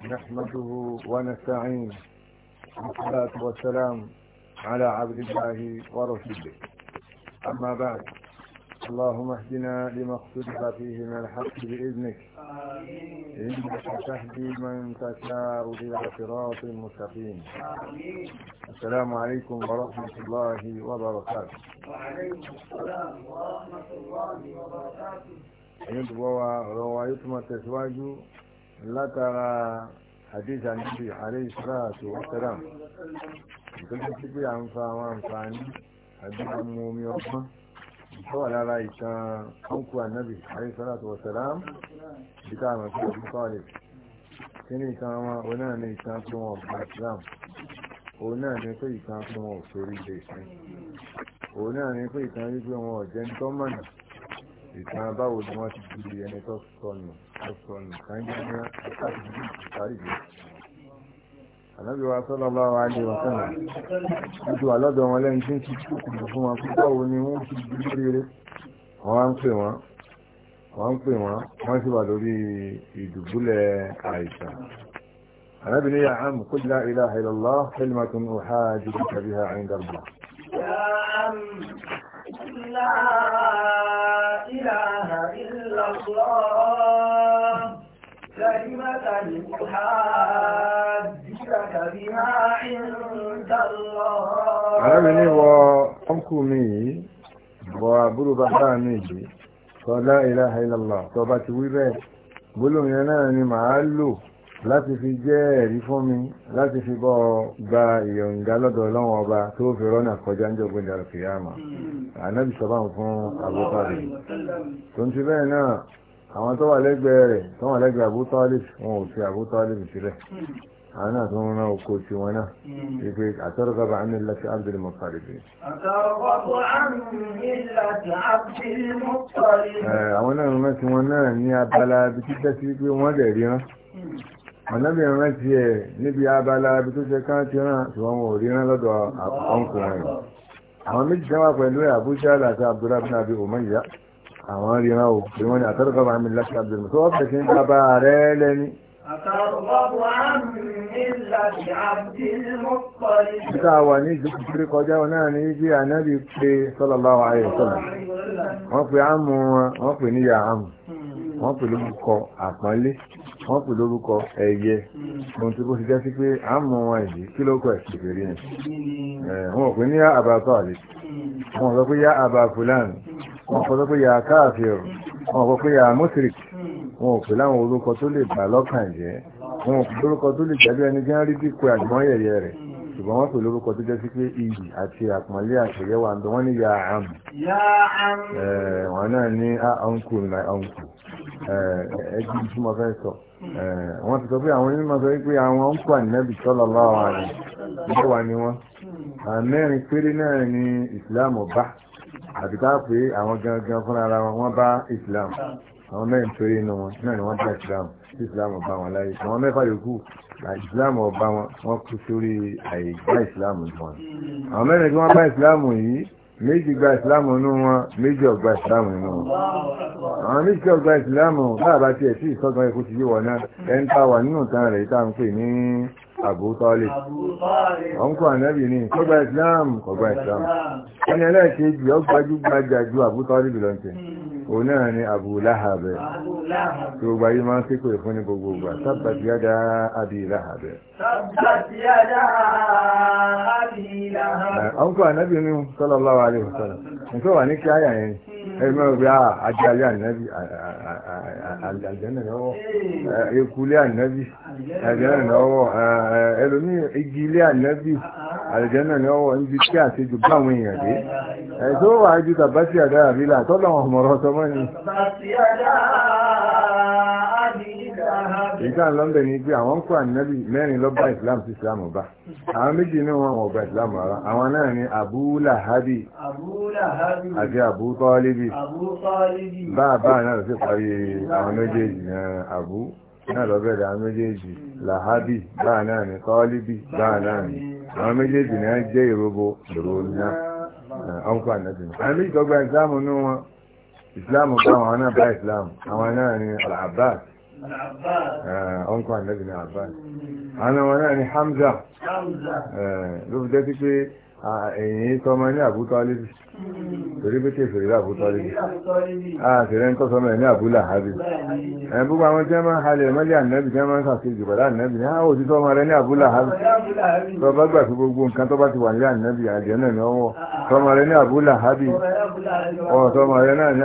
نحمده ونستعينه والصلاة والسلام على عبد الله ورسوله أما بعد اللهم اهدنا لما اختلف فيه من الحق بإذنك إنك تهدي من تشاء إلى صراط مستقيم السلام عليكم ورحمة الله وبركاته وعليكم السلام ورحمة الله وبركاته روايتما látara àdéjà níbi ààrẹ ìṣúra àti wọ́tẹ́rà ìtọ́jú tí pé à ń fa àwọn àǹfààní àbí ọmọ omi ọgbọ́n ìtọ́wà lára ìtàn ọkù ànábì ààrẹ ìṣúra àti wọ́tẹ́rà ìdíkà àmọ́ sí ọdún kọ́ọ̀lẹ̀ kí ni ìtàn wọn òun náà ní ìtàn tí wọn ọ̀gbà islam òun náà ní pé ìtàn tí wọn ò sórí ilé ìsìn òun náà ní pé ìtàn wípé wọn ọ̀jẹ̀ ń tọ́mọ̀nà ìtàn báwo ni wọ́n ti di ẹni tó sọnù tó sọnù kàńjá ní láti di ìparíjì ànábì wa sọ́lọ́ bá wa lè wà sọ́nà ojú àlọ́dọ̀ wọn lẹ́yìn tí ń ti kú kùdù fún wọn fún báwo ni wọ́n ti di rere wọ́n wá ń pè wọ́n wọ́n ń pè wọ́n wọ́n sì wà lórí ìdùbúlẹ̀ àìsàn ànábì ní yà áàmù kó la ilaha illallah kalimatun uhajjuka biha 'inda Allah. الله كلمة يحاجك بها عند الله àrẹ́mi ní wọ ọkù mi yìí wọ àbúrò bàbá mi yìí sọ la ilaha illallah ti wí bẹ́ẹ̀ gbólóhùn náà ni màá lò láti fi jẹ́ ẹ̀rí fún mi láti fi bọ́ gba ìyọ̀ǹda lọ́dọ̀ ọlọ́run ọba tó fi rọ́nà kọjá ń jọgbọ́n dàrú kìyàmà ànábì sọ báwọn fún abúkárì tó ń ti bẹ́ẹ̀ náà àwọn tó wà lẹ́gbẹ̀ẹ́ rẹ̀ tó wà lẹ́gbẹ̀ẹ́ Abu Talib wọn ò fi Abu Talib sílẹ̀ àwọn náà tó ń rán oko tí wọn náà wípé àtọ́rọ̀gbàbà àmì láti Abdul Muttalib. àwọn náà ń rántí wọn náà ní abala ànábì ìran ti ẹ̀ níbi abala ibi tó ṣe ká ti rán ṣùgbọ́n wọn ò rí rán lọ́dọ̀ ọkùnrin àwọn méjì kan wà pẹ̀lú àbújá àti abdullahi bin abi umayya àwọn ríran ò pé wọ́n ni àtọ́rọ̀kọ́ bá mi láti abdullahi tó wọ́n fẹ̀sí ń bàbá rẹ̀ lẹ́ni Ìta wà ní ìjókòó kiri kọjá wọn náà ní ibi ànábì pé sallallahu alaihi wasallam. Wọ́n pè ámù wọn, wọ́n pè níyà ámù wọ́n pè lórúkọ àpọ́nlé wọ́n pè lórúkọ ẹ̀yẹ ohun tí kò ti jẹ́ sí pé à ń mọ wọn yìí kí ló kọ ẹ̀sìn ìfèrè yẹn wọn ò pè ní àbá tọ́ọ̀lì wọn sọ pé yá àbá fúlàní wọn sọ pé yá káàfíìrù wọn sọ pé yá mùsírì wọn ò pè láwọn orúkọ tó lè bà lọ́kàn jẹ́ wọn ò pè lórúkọ tó lè jẹ́ bí ẹni jẹ́ rí dípò àgbọ̀n yẹ̀yẹ rẹ̀ ṣùgbọ́n wọ́n pè lórúkọ tó jẹ́ pé iyì àti àpọ̀nlé àṣẹyẹ ń bẹ wọ́n ní yá àmù wọ́n náà ní ọ̀nkù ní ọ̀nkù Eh, ẹjú tí mo fẹ́ sọ eh, wọ́n ti sọ pé àwọn onímọ̀ sọ pé àwọn ń pa nẹ́bì sọ́lọ́ lọ́wọ́ rẹ̀ mẹ́wà ni wọ́n ah, mẹ́rin péré náà ni Islam bá àti ká pé àwọn gangan fúnra ara wọn wọ́n bá Islam àwọn mẹ́rin péré inú wọn náà ni wọ́n bá Islam tí Islam bá wọn láyé àwọn mẹ́fà yòókù ah, Islam ọba wọn wọ́n kú sórí àìgbá Islam wọn àwọn mẹ́rin tí wọ́n bá Islam yìí méjì gba ìsìláàmù nínú wọn méjì ọgbà ìsìláàmù nínú wọn àwọn méjì ọgbà ìsìláàmù láàbá tí ẹ̀ sí ìsọ́gbọ́n ẹkú ti yí wọ̀ náà ẹni tá wà nínú tán rẹ̀ tá ń pè ní àbútọ́lé ọ̀nkọ́ ànábì ní ìsọ́gbà ìsìláàmù ọgbà ìsìláàmù ẹni ẹlẹ́ẹ̀kejì ọgbàjú gbajà ju àbútọ́lé bìlọ́ntẹ̀ òun náà ni Abu Lahab tí ó gbáyé máa ń kíkò ìfún ní gbogbo ìgbà tabbat yada Abi Lahab ọkọ̀ ànábì ní sallallahu alaihi wasallam nǹkan wà ní kí áyà yẹn ẹgbẹ́ ọgbẹ́ ah, ajé ayé ànábì àjẹ́nà lọ́wọ́ ekulé ànábì àjẹ́nà ẹlòmí igi ilé ànábì ah, ah àlìjẹ́nà ni ọwọ́ níbi tí àṣejù báwọn èèyàn dé ẹ̀ tó wà ju tàbá sí àdá àbílà tọ́lọ̀ ọmọrọ̀ sọmọ́ ni. èyí táwọn lọ́ndẹ̀ ni pé àwọn ń kó ànábì mẹ́rin lọ́ba islam sí islam ọba àwọn méjì náà wọn wọn ọba islam ara àwọn náà ni abu lahabi àti abu tọ́líbi bá a bá náà lọ sí parí àwọn méjèèjì náà abu náà lọ àwọn méjèèjì lahabi bá náà ni tọ́líbi bá náà ni àwọn méjèèjì ni wọ́n jẹ́ ìrobo ìrò ńlá ọkọ ànábì ní. àwọn méjì tọ́gbà ìsìláàmù ní wọn ìsìláàmù bá àwọn náà bá ìsìláàmù àwọn náà ni Abbas ọkọ eh, ànábì ní Abbas àwọn náà ni Hamza eh, ló fi jẹ́ sí pé ẹ̀yìn tọ́mọ ní àbútọ́ alébì torí pé kí èfèrè àbútọ́ alébì àtẹ̀rẹ́ ń tọ́sọmọ ẹ̀ ní àbúlà àbí ẹ̀ gbogbo àwọn tí wọ́n máa ń halẹ̀ mọ́lẹ̀ ànábì tí wọ́n máa ń sàkejì pẹ̀lú ànábì ní àwọn òtítọ́ ọmọ rẹ ní àbúlà àbí tó bá gbà pé gbogbo nǹkan tó bá ti wà ní ànábì àjẹ́ náà ní ọwọ́ tọmọ rẹ ní àbúlà àbí ọ̀tọmọ rẹ náà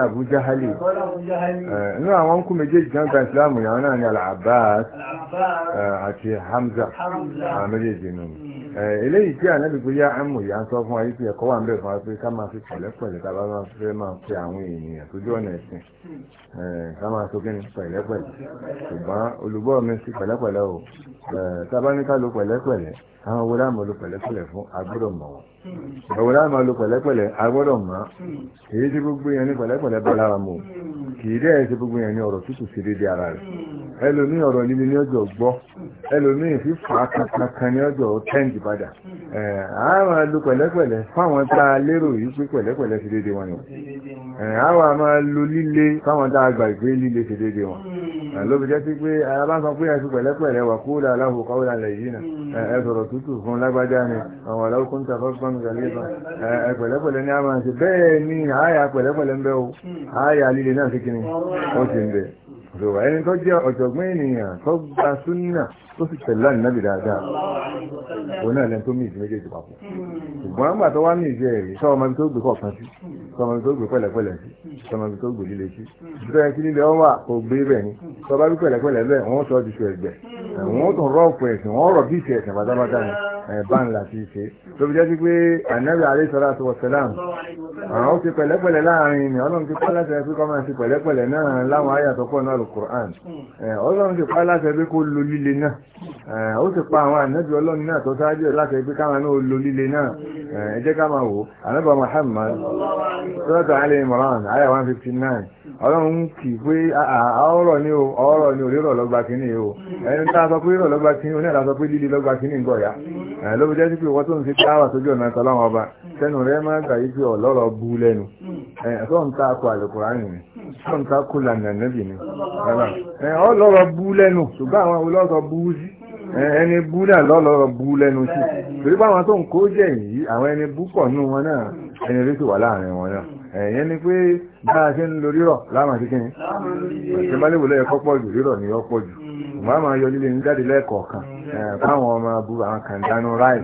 ní eléyìí tí ànábì pé yá àmọ̀ yá ń sọ fún ayé pé ẹ̀kọ́ wà ń fún wa pé ká máa fi pẹ̀lẹ́pẹ̀lẹ́ tá bá máa fẹ́ máa fi àwọn ènìyàn sójú ọ̀nà ẹ̀sìn ká máa sókè ní pẹ̀lẹ́pẹ̀lẹ́ ṣùgbọ́n olùgbọ́ mi sí pẹ̀lẹ́pẹ̀lẹ́ o tá bá ní ká lo pẹ̀lẹ́pẹ̀lẹ́ àwọn owó láàmú lo pẹ̀lẹ́pẹ̀lẹ́ fún agbọ́dọ̀ mọ̀ wọn ìwọ láàmú lo pẹ̀lẹ́pẹ̀lẹ́ agbọ́dọ̀ mọ̀ kì í ṣe gbogbo yẹn ní pẹ̀lẹ́pẹ̀lẹ́ bá lára mu kì í dẹ́ ṣe ẹlòmí ọ̀rọ̀ líle ní ọjọ́ gbọ́ ẹlòmí fífà kankan ní ọjọ́ tẹ́ǹdì padà àwọn alu pẹ̀lẹ́pẹ̀lẹ́ fáwọn tá a lérò yìí pé pẹ̀lẹ́pẹ̀lẹ́ ṣe déédéé wọn ni àwọn àmọ́ lu líle fáwọn tá a gbà pé líle ṣe déédéé wọn ló fi jẹ́ sí pé ará pé ẹ̀sùn pẹ̀lẹ́pẹ̀lẹ́ wà kó dà aláhùn kọ́wé alẹ́ yìí nà ẹ sọ̀rọ̀ tútù fún lágbájá ni àwọn aláwọ̀ kó ń ta fọ́fọ́n gàlébà ẹ pẹ̀lẹ́pẹ̀lẹ́ ní a máa bẹ́ẹ̀ ni àyà pẹ̀lẹ́pẹ̀lẹ́ ń o àyà líle náà rọwà ẹni tó jẹ́ ọ̀jọ̀gbọ́n ènìyàn tó gba súnà tó sì tẹ̀lá ìnábì dáadáa òun náà lẹ́nu tó mí ìdí méjèèjì papọ̀ ṣùgbọ́n àgbà tó wá mí ìdí ẹ̀rí sọ ọmọ ibi tó gbé kọ̀ọ̀kan sí sọ ọmọ ibi tó gbé pẹ̀lẹ́pẹ̀lẹ́ sí sọ ọmọ ibi tó gbé líle sí tó yẹ kí líle ọ wà kó gbé bẹ́ẹ̀ ni sọ bá bí pẹ̀lẹ́pẹ̀lẹ́ bẹ́ẹ̀ wọ́n sọ Eh, ban láti ṣe tó fi jẹ́ sí pé ànábì alayhi salatu wa salam àwọn ó ti pẹ̀lẹ́pẹ̀lẹ́ láàrin ni ọlọ́run ti pa láṣẹ pé kọ́mọ̀ sí pẹ̀lẹ́pẹ̀lẹ́ náà láwọn àyà tó pọ̀ náà quran eh, ọlọ́run ti pa láṣẹ pé kó lo líle náà eh, ó ti pa àwọn ànábì ọlọ́run náà tó ṣáájú láṣẹ pé káwọn náà lo líle náà ẹ jẹ́ ká máa ọlọ́run ń kì pé ọ̀rọ̀ ni o ọ̀rọ̀ ni kínní o ẹni tí a sọ pé kínní oní àdásọ pé líle lọ́gba kínní nǹkan ọ̀yá ló fi jẹ́ sí pé wọ́n tó ń fi dáwà sójú ọ̀nà ìtọ́ láwọn ọba tẹnu rẹ máa gbà yí pé lẹ́nu kọ ẹni bú náà lọ́lọ́rọ̀ bú lẹ́nu sí torí báwọn tó ń kó jẹ́ yìí àwọn ẹni bú pọ̀ wọn náà ẹni rí wà láàrin wọn náà ẹ̀yẹ́ ni pé bá a ṣe ń lo rírọ̀ láàmà ṣe bá jù rírọ̀ ní ọ̀pọ̀ jù yọ ní jáde lẹ́ẹ̀kọ̀ọ̀kan fáwọn ọmọ àwọn kan dánú ráì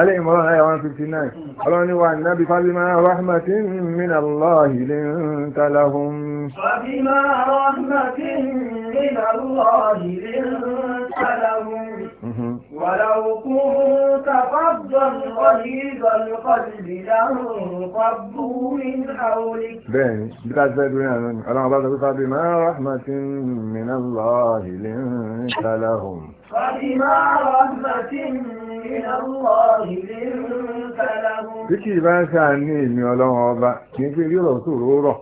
alẹ́ ìmọ̀ràn one fifty nine ọlọ́run فبما رحمة من الله لنت لهم ولو كنت فظا غليظ القلب لانفضوا من حولك بين بلا سيدنا أنا بعد فبما رحمة من الله لنت لهم فبما رحمة من الله لنت لهم Bíkì bá ń sáà ní ìmì ọlọ́run ọba, kìí pé rírọ̀ sòrò rọ̀.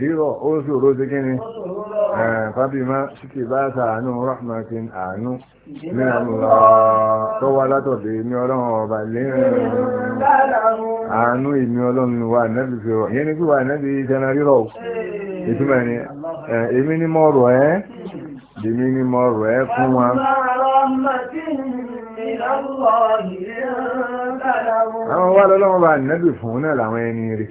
Rírọ̀ ó sòrò sí kí ni? Ó sòrò fábímá síkì bá sàánú rahmatin àánú ní àmúlọ tó wá látọ̀dọ̀ èmi ọlọ́run ọba lẹ́yìn àánú èmi ọlọ́run wà nẹ́bí fi rọ̀ yẹn ni pé wà nẹ́bí jẹnà rírọ̀ ìtumọ̀ ni èmi ni mo rọ̀ ẹ́ èmi ni mo rọ̀ ẹ́ fún wa. àwọn wà lọ́lọ́run bá nẹ́bí fún náà làwọn ẹni rẹ̀.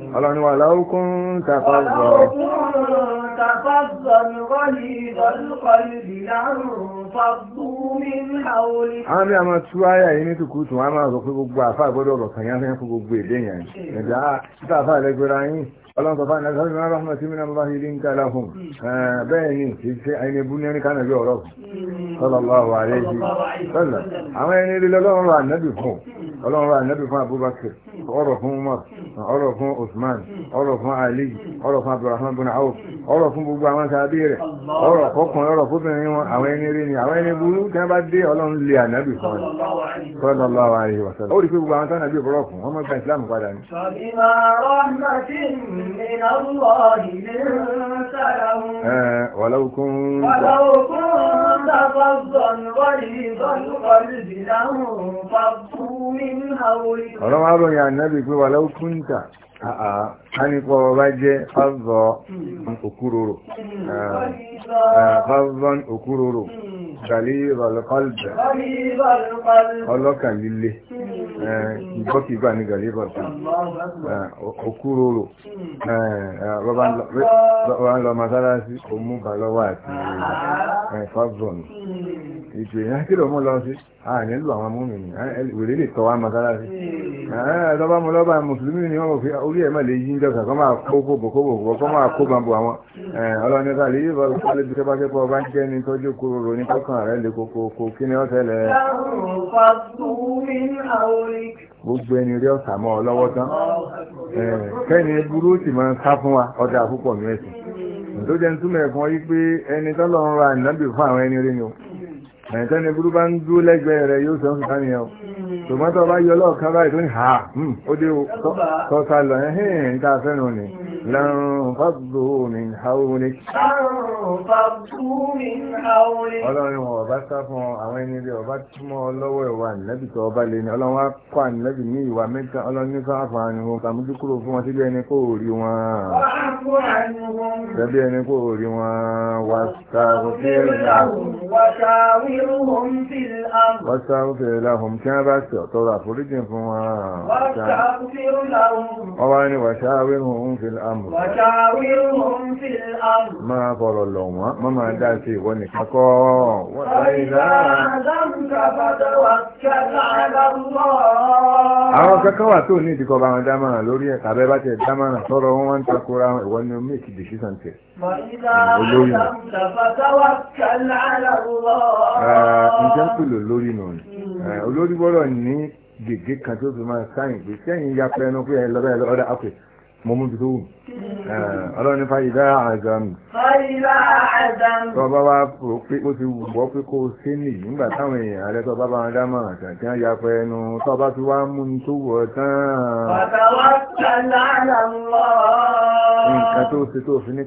ọlọ́run wà láwùkún tàfàzọ̀ àwọn bí a máa tú ayà yìí ní tùkútù wọn a máa rọ̀ pé gbogbo àfáà gbọ́dọ̀ rọ̀ kàn yá fẹ́ fún gbogbo èdè yẹn ẹ̀dá títà àfáà ọlọ́run sọ fáwọn ẹ̀sọ́ ìmọ̀ rahmat mina allah ilé ń ká láhùn hmm. bẹ́ẹ̀ ni kì í ṣe ẹni bú ní ẹni kánà bí ọ̀rọ̀ hmm. sallallahu alaihi wasallam àwọn ẹni ilé ọlọ́run rà nẹ́bì fún hmm. ọlọ́run rà nẹ́bì fún abubakar ọ̀rọ̀ fún umar ọ̀rọ̀ fún usman ọ̀rọ̀ fún ali ọ̀rọ̀ fún abdulrahman bin awf ọ̀rọ̀ fún gbogbo àwọn sábì rẹ̀ ọ̀rọ̀ kọkùnrin ọ̀rọ̀ fúnbìnrin wọn àwọn ẹni rí ni àwọn ẹni burú tí wọ́n bá dé ọlọ́run lè ànábì fún wọn من الله لنت لهم ولو كنت ولو كنت فظا غليظ القلب لانفضوا من حولك ọlọ́run á ròyìn ànábì pé wà láwọ́ kúńtà ánìkọ́ ọba jẹ́ fázọ́ hmm. òkúròrò fázọ́ hmm. òkúròrò gàlí hmm. ìrọ̀lọ́kọ́lù ọlọ́kàn líle Eh, ìgbọ́kìgbà ní gàlíbà sí òkúròrò eh, eh, bọ́bá ń lọ masára sí òmùbà lọ́wọ́ àti fábọ̀nù ìpè akérò mú lọ sí àní lù àwọn mú mi ní wèrè lè tọ́ wá mọ́sálásí hmm. lọ́ba mu mùsùlùmí ni wọ́n fi orí ẹ̀ má lè yí dọ́kà kọ́ máa kó kó bòkó bòkó kọ́ máa kó bàbò àwọn ọlọ́ni ká lè yí bọ́ lọ́lẹ́ bí sẹ́pàṣẹ́ pọ̀ bá ń jẹ́ ní tọ́jú kúrò ní kọ́kàn rẹ̀ lè kókó kó kí ni ọ̀sẹ̀lẹ̀. gbogbo ẹni rí ọ̀sà mọ́ ọ lọ́wọ́ tán kẹ́ni burú sì máa ń sá fún wa ọ̀dà púpọ̀ nù ẹ̀sìn tó jẹ́ ń túmọ̀ ẹ̀fọn yí pé ẹni tọ́lọ́run ra ìnábì fún àwọn ẹni rí ni o ẹ̀ǹtẹ́ni burú bá ń dúró lẹ́gbẹ̀ẹ́ rẹ̀ yóò sọ́n fìtá nìyẹn o tòmọ́tò bá yọ lọ́ọ̀kan báyìí tó ní ha hmm, ó dé o tọ́ta lọ ẹ̀hìn ìta fẹ́ràn ni. لانفضوا من حولك ọlọ́run ọba sá fún àwọn ẹni rí ọba túmọ̀ ọlọ́wọ́ ìwà nẹ́bì tó ọba lè ní ọlọ́run wá kọ́ ànẹ́bì ní ìwà mẹ́ta ọlọ́run nípa àfààní wọn tàbí kúrò fún wọn síbi ẹni kó rí wọn tàbí ẹni kó rí wọn wà sáfẹ́ láhùn kí wọ́n bá sì ọ̀tọ́rọ̀ àforíjìn fún wọn wọ́n wá ní wà sáwé hùn fìlà amru. Wàṣàwírùn fi amru. Máa fọ̀rọ̀ lọ̀ wọ́n, má máa dá sí ìwọ nìkan kọ́. Wọ́n láyé náà. Àwọn kankan wà tó ní ìdíkọ̀ bá wọn dámọ̀ràn lórí ẹ̀ tàbí bá tẹ̀ dámọ̀ràn sọ̀rọ̀ wọn wá ń takora ìwọ ni ó méjì dì sísan tẹ̀. Olórí nù. Ǹjẹ́ pèlò lórí nù ni? Olórí gbọ́dọ̀ ní gègé kan tó fi máa sáyìn pé sẹ́yìn ya pẹ́ẹ́nu pé ẹ lọ́bẹ̀ẹ́ lọ́dà ápè mo mú bìtó wù ọlọ́run nípa ìdá àzàm tó bá wá pé ó ti wù wọ́ pé kó o ṣe nì nígbà táwọn èèyàn rẹ tó bá bá wọn dá mọ̀ràn tàbí àyà pẹ́ẹ́nu tó bá ti wá mú ní tó wọ̀ tán. nǹkan tó ṣe tó fi hmm.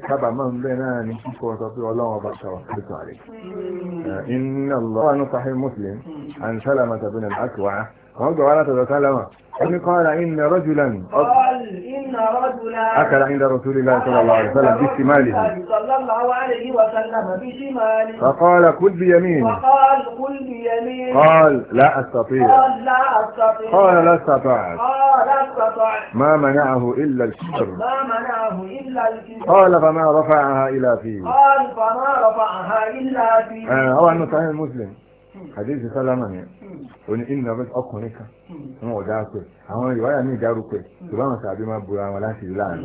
eh, inna Allah wa nusahi muslim an salamata bin al-akwa رد على تتكلم ان قال ان رجلا قال ان رجلا اكل عند رسول الله صلى الله عليه وسلم بشماله صلى الله عليه وسلم بشماله فقال كل بيمين فقال كل بيمين قال لا استطيع قال لا استطيع قال لا أستطيع قال لا استطعت ما منعه الا الكسر ما منعه الا الكسر قال فما رفعها الى فيه قال فما رفعها الا فيه هو انه صحيح مسلم àdéhùn sálámà yẹn òní ìnà ọkùnrin kan wọn ò dá pẹ àwọn ìwáyà míì dárúkọ hmm. tó báwọn sàbí máa bora wọn láti rí láàrin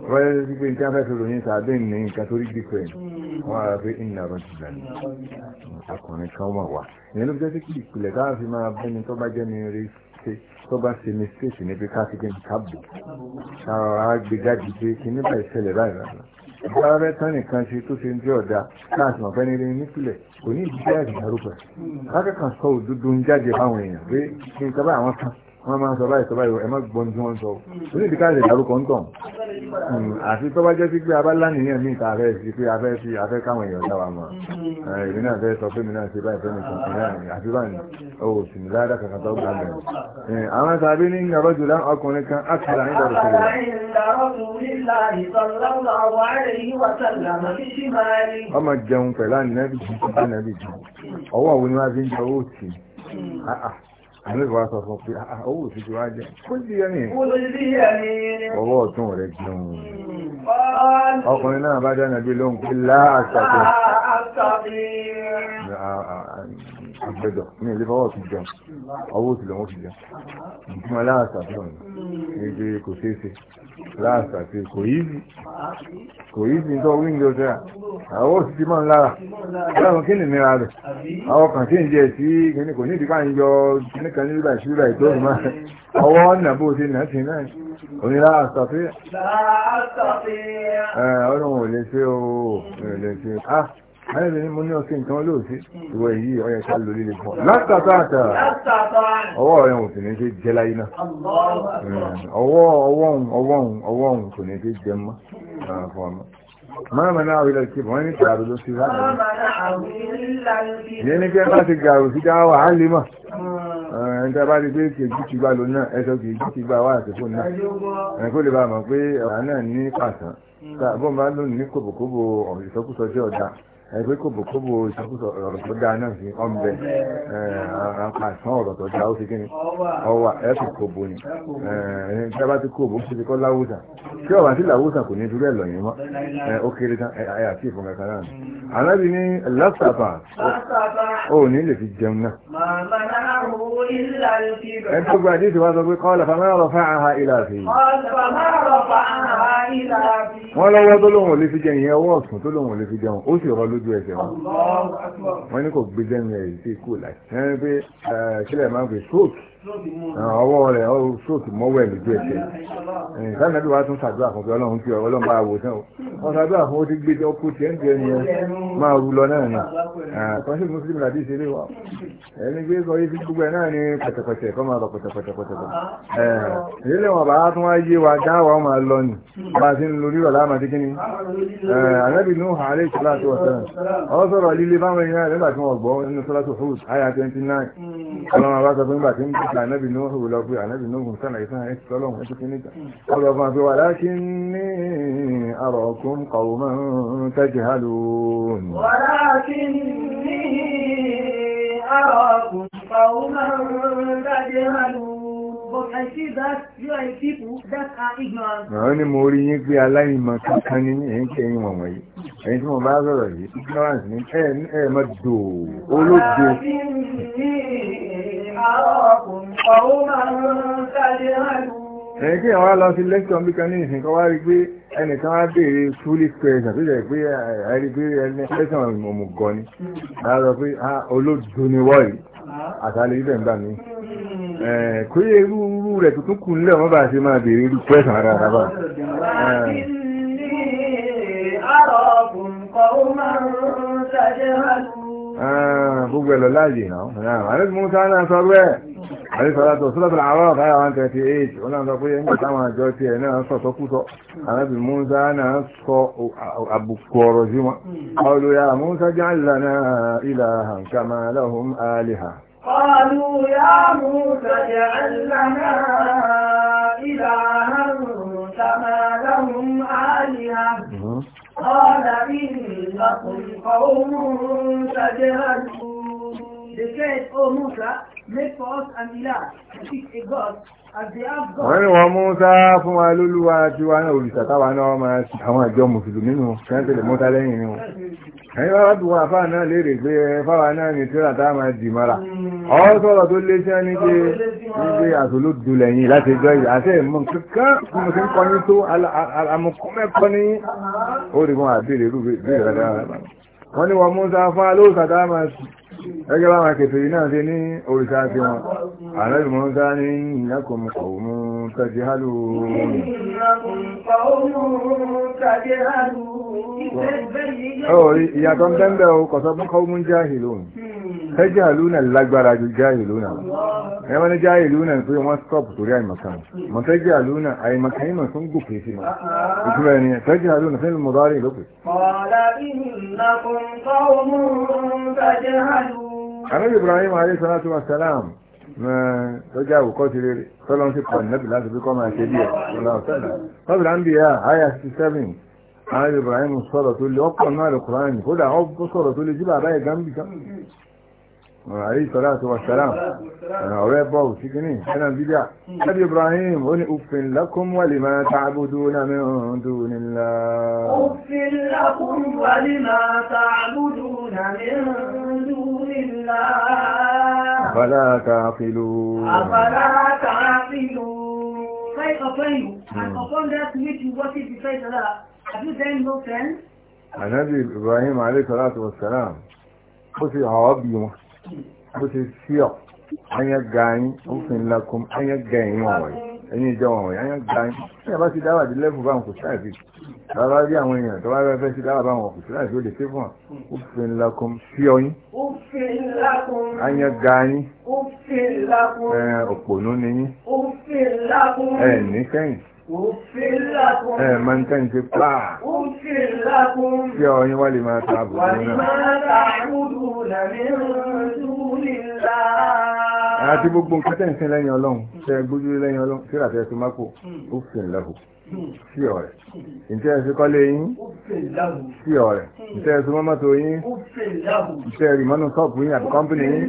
wọ́n yẹ pé níta fẹ́ sọ̀rọ̀ yín sàbí ní nǹkan tó rí gbígbẹ́ hmm. wọn á fẹ́ ìnà ọ̀dùnlá ni ọkùnrin kan wà wá ìyẹn ló jẹ́ sí kí ìpìlẹ̀ káà fi máa bẹ́ni tó bá jẹ́ ni rí ṣe tó bá ṣe mistake níbi ká fi gbé ní káàbù ká gbé jáde pé kí nígbà ìgbàrẹ́ tán nìkan ṣe tó ṣe ń jẹ́ ọ̀dá káàsì mọ̀ fẹ́ni rí nípìnlẹ̀ kò ní ìdíjẹ́ àdìgbàrúkọ̀ lákàkàn sọ òdodo ń jáde fáwọn èèyàn pé kí n kábà àwọn kan wọ́n máa ń sọ báyìí sọ báyìí ẹ má gbọ́n tí wọ́n sọ ó ní ìdíkà ìdàrú kan tàn hmm, àti tó bá jẹ́ sí pé abálá nìyẹn ní ìta rẹ̀ sí pé afẹ́ sí afẹ́ káwọn èèyàn dáwà mọ́ hmm. eh, èmi náà fẹ́ sọ pé mi náà ṣe báyìí fẹ́ mi sọ pé náà àti báyìí ó sì ní ládà kankan tó gbà bẹ̀rẹ̀. Eh, àwọn tàbí ní ìyàbọ̀ jù láwọn ọkùnrin kan á ti ra ní ìdàrú sílẹ̀. ọmọ jẹun pẹ̀lú ànínẹ́bì ọwọ́ àwọn ni wọ́n fi ń jẹ owó tì hmm. ah, ah àmì wa sọ fún pé ah, ah, owó òfin wa wá jẹ kó sì yẹ nìyẹn ọwọ́ ọ̀tún rẹ̀ jẹun ọkùnrin náà bá dáná bí lóhùn pé láàṣà tó ọ̀gbẹ́dọ̀ ní ilé fọwọ́ ti jẹun ọwọ́ òsì lọ́wọ́ ti jẹun ìtumọ̀ láàṣà tó ń gbé kò ṣeé ṣe láàṣà tí kò yí sí kò yí sí tó wí ní ọjọ́ àwọn òsì ti mọ́ lára láwọn kí ni nira rẹ̀ àwọn kan sí ń jẹ sí kíní kò ní ìdíkà ń yọ kíní kan nígbà ìṣúra ìtọ́ ìmọ̀ ọwọ́ ọ̀nà bó ṣe nà sí náà òní láàṣà tí ọ̀rùn ò lè ṣe ó lè ṣe ah ayẹ́bẹ̀ ni mo ní ọ̀sẹ̀ nǹkan olóòsí ìwọ èyí ọyẹ ká lórí lè pọ̀ látàtàtà ọwọ́ rẹ̀ ò sì ní ṣe jẹ́ láyé náà ọwọ́ ọwọ́hun ọwọ́hun ọwọ́hun kò ní ṣe jẹ mọ́ fún ọmọ máa mọ̀ náà wílẹ̀ kí wọ́n ní gàrú ló sí láti ní ní kí ẹ bá ti gàrú sí dáwà á lè mọ̀ hmm. ẹni tí a bá rí pé ti gbá kejì ti gbá wà náà ẹni kó lè bá mọ̀ pé ọ̀rá náà ẹgbẹ́ kòbòkòbò ìṣàkóso ọ̀rọ̀ tó dáa náà sí ọ̀nbẹ àpàṣán ọ̀rọ̀ tó dáa ó fi kí ni ọwà ẹ̀kọ́ kòbò ni tí a bá ti kòbò ṣe ti kọ́ láwùsà tí ọ̀bà sí làwùsà kò ní dúró ẹ̀ lọ́yìn mọ́ ó kéré tán ẹ̀ àti ìfọ̀n kankan náà ni. ànábì ní lásàbà ó ní lè fi jẹun náà. ẹ̀ tó gba àdéhùn wa sọ pé kọ́ wọ́n lọ́wọ́ tó lóun ò lè fi jẹun ìyẹn ọwọ́ ọ̀sùn tó lóun ò lè fi jẹun ó sì rọ lójú ẹsẹ̀ wọn wọ́n ní kò gbé jẹun ẹ̀ sí kú láì ṣe pé kílẹ̀ máa ń fi stroke ọwọ́ rẹ̀ ọwọ́ sóòtù mọ́wọ́ ẹ̀ lójú ẹsẹ̀ káàkiri náà wàá tún ṣàdúrà fún pé ọlọ́run fi ọlọ́run bá wò tán wọ́n ṣàdúrà fún ó ti gbé ọkọ̀ tiẹ̀ ń jẹ ẹni yẹn máa ru lọ náà nà kọ́ńtì mùsùlùmí làdí ìṣeré wa ẹni gbé sọ yìí fi gbogbo ẹ̀ náà ní pẹ̀tẹ̀pẹ̀tẹ̀ kọ́ máa lọ pẹ̀tẹ̀pẹ̀tẹ̀ ìdílé wọn bá a ọ̀dà ànábì ní òhùrù lọ pé ànábì ní òhùrù sálà ìsàn ẹ̀sì tọ́lọ́hùn ẹ̀sì kìíní kan ọ̀dọ̀ fún àfi walakinni arakum qawman tajhalun. walakinni But I see that you are people that are ignorant. Àwọn ni mo rí yín pé aláìmọ̀ kankan ní ẹ̀yìn kí ẹ̀yin wọ̀n wọ̀nyí. Ẹ̀yin tí mo bá sọ̀rọ̀ yìí, ignorance ní ẹ̀ ẹ̀ mọ̀ dò ó ló dé. أراكم kí àwọn lọ sí lẹ́kítọ̀ bí kan ní ìsìn kan wá rí pé ẹnìkan á béèrè foolish question tó jẹ́ pé àìrí pé ẹni ni a sọ pé olóòdù ni wọ́ọ̀lì àtàlẹ́ ibẹ̀ ń bà mí yẹ irú irú rẹ̀ kù nílẹ̀ bá ṣe máa béèrè irú Ah, gbogbo ẹ̀lọ láàyè náà àrẹ́sì musa náà sọ rẹ̀ àrẹ́sì ọ̀làtọ̀ sọ́lọ́tọ̀ àwọn ọ̀gá àwọn tẹ̀tí eight wọn náà sọ pé nígbà táwọn àjọ tiẹ̀ náà sọ sọkúsọ àrẹ́sì musa náà sọ àbùkù ọ̀rọ̀ sí wọn ọlọ́yà musa jẹ́ àlànà ilà hàn kàmá lahum aliha قالوا يا موسى اجعل لنا إلها كما لهم آلهة قال إنكم قوم تجهلون They said, O oh Musa, make for us an ilah, seek a god, Wọ́n ní wọ́n Musa fún wa lólúwa tí wá náà òrìṣà táwa náà máa ṣe àwọn àjọ Mùsùlùmí nù, ṣẹ́ńtẹ̀lẹ̀ Musa lẹ́yìn ni wọn. Ẹ̀yin wá bí wọn àfáà náà léèrè pé fáwa náà ní tíra táwa máa dì mọ́ra ọ̀rọ̀ sọ̀rọ̀ tó lé sí ẹni pé wípé àtòló dulẹ̀ yìí láti ẹjọ́ ìyá àti ẹ̀mọ́ kankan tí mo ti ń kọyín tó amọ̀kọ́mẹ́kọ́ ní ó rí wọn àbí ìrẹ́rú bèèrè rárá wọ́n ní wọn Mùsá fá tá a máa sùn gẹ́gẹ́ bá wọn kẹfẹ́ yìí náà ṣe ní òrìṣà ti wọn àlọ́bì Mùsá ní ìyàkùn ọ̀hún tàbí hálù ìyàtọ̀ ń bẹ́ńbẹ́ o kọ̀sọ́ fún kọ́ọ̀mù jáhìlì òun tẹ́jà lúnà lágbára ju jáyì lúnà ẹ wọ́n ní jáyì lúnà pé wọ́n stop torí àìmọ̀kan mọ̀ tẹ́jà lúnà àìmọ̀kan ìmọ̀ tó ń gòkè sí wọn ìtura ẹni tẹ́jà lúnà fẹ́lú mọ̀ bárẹ̀ lókè. àrẹ Ibrahim alayhi salatu wa salam tọ́jà àwòkọ́ ti rere tọ́lọ́n ti pọ̀ nẹ́bì láti fi kọ́ máa ṣe díẹ̀ tọ́bìlà ń 67 àrẹ Ibrahim sọ̀rọ̀ tó lé ọ̀pọ̀ náà lè Kùránì kódà ó sọ̀rọ̀ tó lé jíbà àbáyé gambika àrí ìsọ̀rọ̀ àti wàsálàm ọ̀rẹ́ bọ́ òsìkíní ẹ̀nà bídíà ẹ̀bí Ibrahim ó ní òfin lakum wa lima ta'buduna min dunillah. òfin lakum wa lima ta'buduna min dunillah. àfàlà ta'qilu. àfàlà ta'qilu. Right upon you and upon that which you worship besides Allah, have you then no friends? Ànábì Ibrahim alayhi salatu wa salam, ó fi àwọn bí wọn bó ṣe sí ọ̀ ayága yín òfin lakum ayága yín wọ̀nyí ẹ̀yin ìjọ wọ̀nyí ayága yín ní àbá ti dáwà dé lẹ́fù báwọn kò sáàfì bàbá rí àwọn èèyàn tó bá rẹ fẹ́ sí dáwà báwọn kò sáàfì ó lè ṣe fún ọ òfin lakum sí ọyín ayága yín òpònú ni yín ẹ̀ ní sẹ́yìn ẹ máa ń tẹ́ ń ṣe pàà tí ọ̀yin wá lè máa ta àbùkù náà àti gbogbo nǹkan tẹ́ ń sin lẹ́yìn ọlọ́run ṣe gbójú lẹ́yìn ọlọ́run tí ràtẹ́ tó máa kò ó fi ń lẹ́hù sí ọ̀rẹ́ ìtẹ́ ẹ̀sìn kọ́lé yín sí ọ̀rẹ́ ìtẹ́ ẹ̀sìn mọ́mọ́ tó yín ìtẹ́ ẹ̀rì mọ́nú sọ́ọ̀pù yín àti kọ́mpìnì yín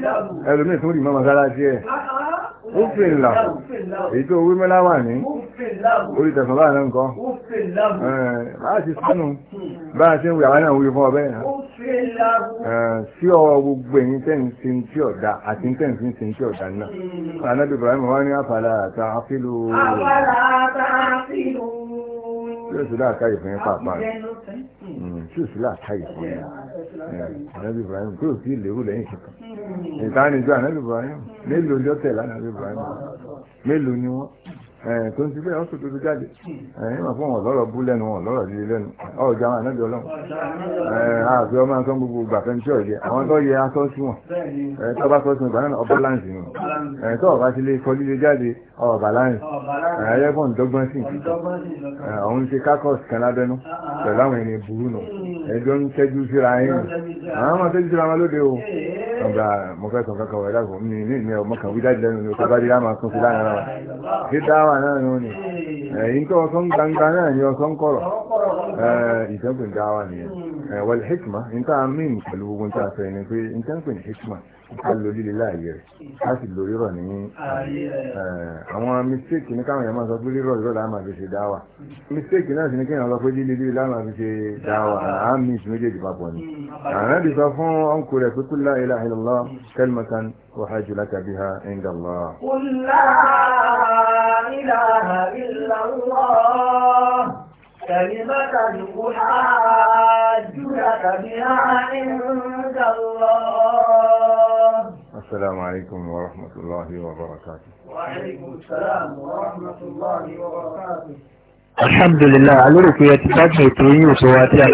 ẹlòmíì tún rì mọ́ mọ́sálásí ó fi ń lọ èyí tó wí mọ́lá wà ní orí tẹ̀sán báyìí náà nǹkan báyìí ti sánú báyìí ti ń wùyàwó náà wúyọ fún ọbẹ̀ yẹn sí ọwọ́ gbogbo ẹ̀yìn tẹ̀sí tí ọ̀dà àti tẹ̀sí tí ń tí ọ̀dà náà anábì Ibrahim wá ní àfàlà àtà àfìlú tí ó sì láàká ìfún yẹn pàápàá mm, tí ó sì láàká ìfún yẹn anábì Ibrahim tí ó sì lérò lẹ́yìn kankan mm. ìtàn ìjọ anábì Ibrahim mélòó ni ó tẹ̀lé anábì Ibrahim mélòó ni wọ́n tó ń ti bẹ́ẹ̀ ọ́sùn tó ti jáde ẹ̀yìn mọ̀ fún wọn lọ́rọ̀ bú lẹ́nu wọn lọ́rọ̀ líle lẹ́nu ọ̀jà wọn ànábì ọlọ́run àfi ọmọ nǹkan gbogbo gbàfẹ́ ní ṣọ́ọ̀dẹ àwọn tó yẹ aṣọ sí wọn tó bá sọ sí wọn ìgbàlẹ́ ọba láǹsì nù tó ọba ti lè kọ líle jáde ọba láǹsì ẹ̀yẹ fún ìdọ́gbọ́n sí òun ṣe kákọ́ọ̀sì kan lábẹ́nú pẹ̀lú àwọn ènìyàn burú nù ẹjọ́ ń tẹ́jú síra yín kan gba mo fẹ́ sọ kankan wẹ̀ dàgbọ́ ní ilé ìmẹ̀ ọmọ kan wíjáde lẹ́nu ní ọ̀sán bá dé láàmà tún sí láàrin ara ṣé dáwà náà ni ó ní ẹ̀yìn tó ọsán gbangba náà ni ọsán kọ̀rọ̀ ìṣẹ́gun dáwà nìyẹn. Eh, wal hikma n tá a mìn pẹ̀lú gbogbo n tá a fẹ́ ni pé n tẹ́ ń pè ní hikma a lo líle láàyè rẹ̀ a sì lo rírọ̀ ní eh, àwọn mistake ní káwọn èèyàn máa sọ pé rírọ̀ rírọ̀ láà máa fi ṣe dáwà mistake náà sì ní kéèyàn lọ pé líle líle láà máa fi ṣe dáwà à ń mìíràn méjèèjì papọ̀ ni hmm, àwọn ti sọ fún ọ̀nkù rẹ̀ pé kúlá ilá ìlọ́lá kẹlmọ̀tán وحاج لك بها عند الله قل لا إله إلا الله كلمة أحاجك بها عند الله السلام عليكم ورحمة الله وبركاته وعليكم السلام ورحمة الله وبركاته الحمد لله على ركوية فاتحة ويوسواتي